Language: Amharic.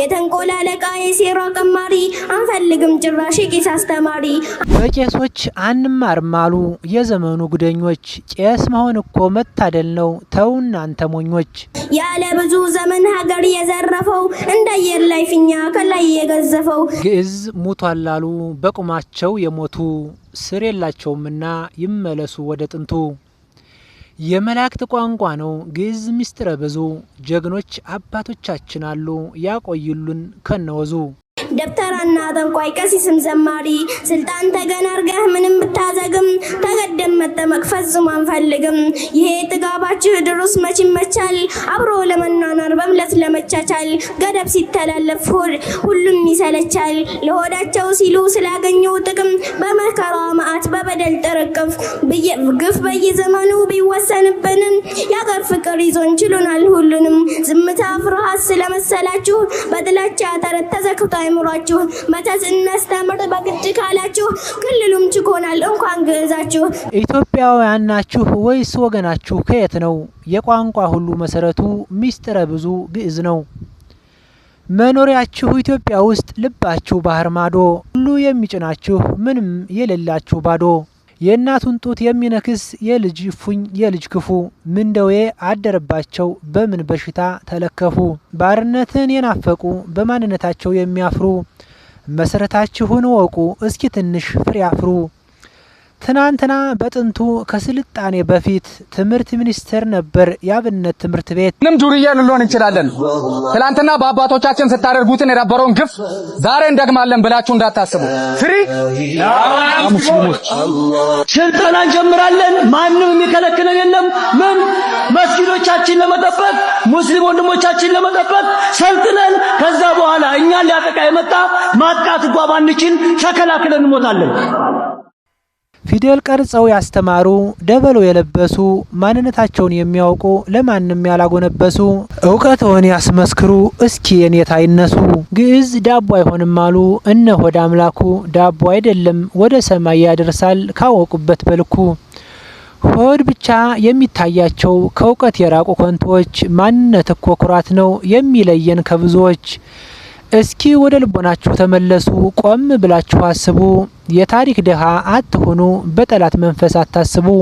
የተንቆላለቃ የሴራ ቀማሪ አንፈልግም ጭራሽ ቄስ አስተማሪ። በቄሶች አንማርም አሉ የዘመኑ ጉደኞች፣ ቄስ መሆን እኮ መታደል ነው ተው እናንተ ሞኞች። ያለ ብዙ ዘመን ሀገር የዘረፈው እንደ አየር ላይ ፊኛ ከላይ የገዘፈው ግዕዝ ሙቷል አሉ በቁማቸው የሞቱ ስር የላቸውምና ይመለሱ ወደ ጥንቱ። የመላእክት ቋንቋ ነው። ግዕዝ ምስጢረ ብዙ ጀግኖች አባቶቻችን አሉ ያቆይሉን ከነወዙ ደብተራና ጠንቋይ ቀሲስም ዘማሪ ስልጣን ተገን ምንም ብታዘግም ተገደም መጠመቅ ፈጽሞ አንፈልግም። ይሄ ጥጋባችሁ ድሩስ መች ይመቻል? አብሮ ለመናናር በምለት ለመቻቻል ገደብ ሲተላለፍ ሁሉም ይሰለቻል። ለሆዳቸው ሲሉ ስላገኙ ጥቅም በመከራ መዓት በበደል ተረከፍኩ። ግፍ በየዘመኑ ቢወሰንብንም የአገር ፍቅር ይዞን ችሉናል ሁሉንም። ዝምታ ፍርሃት ስለመሰላችሁ በጥላቻ ተረት ተዘክቶ አይምሯችሁ መተት እናስተምር በግድ ካላችሁ ክልሉም ችኮናል እንኳን ግዕዛችሁ። ኢትዮጵያውያን ናችሁ ወይስ ወገናችሁ ከየት ነው? የቋንቋ ሁሉ መሰረቱ ሚስጥረ ብዙ ግዕዝ ነው። መኖሪያችሁ ኢትዮጵያ ውስጥ ልባችሁ ባህር ማዶ ሁሉ የሚጭናችሁ ምንም የሌላችሁ ባዶ የእናቱን ጡት የሚነክስ የልጅ ፉኝ የልጅ ክፉ ምን ደዌ አደረባቸው በምን በሽታ ተለከፉ ባርነትን የናፈቁ በማንነታቸው የሚያፍሩ መሰረታችሁን ወቁ እስኪ ትንሽ ፍሬ አፍሩ። ትናንትና በጥንቱ ከስልጣኔ በፊት ትምህርት ሚኒስቴር ነበር የአብነት ትምህርት ቤት። ምንም ዱርዬ ልንሆን እንችላለን። ትናንትና በአባቶቻችን ስታደርጉትን የነበረውን ግፍ ዛሬ እንደግማለን ብላችሁ እንዳታስቡ። ፍሪ ሙስሊሞች ስልጠና እንጀምራለን። ማንም የሚከለክለን የለም። ምን መስጊዶቻችን ለመጠበቅ ሙስሊም ወንድሞቻችን ለመጠበቅ ሰልጥነን ከዛ በኋላ እኛን ሊያጠቃ የመጣ ማጥቃት እንኳ ባንችል ተከላክለን እንሞታለን። ፊደል ቀርጸው ያስተማሩ፣ ደበሎ የለበሱ፣ ማንነታቸውን የሚያውቁ፣ ለማንም ያላጎነበሱ፣ እውቀትዎን ያስመስክሩ፣ እስኪ የኔታ አይነሱ። ግዕዝ ዳቦ አይሆንም አሉ እነ ሆድ አምላኩ፣ ዳቦ አይደለም ወደ ሰማይ ያደርሳል ካወቁበት በልኩ። ሆድ ብቻ የሚታያቸው ከእውቀት የራቁ ኮንቶዎች፣ ማንነት እኮ ኩራት ነው የሚለየን ከብዙዎች እስኪ ወደ ልቦናችሁ ተመለሱ። ቆም ብላችሁ አስቡ። የታሪክ ድሃ አትሆኑ በጠላት መንፈስ አታስቡ።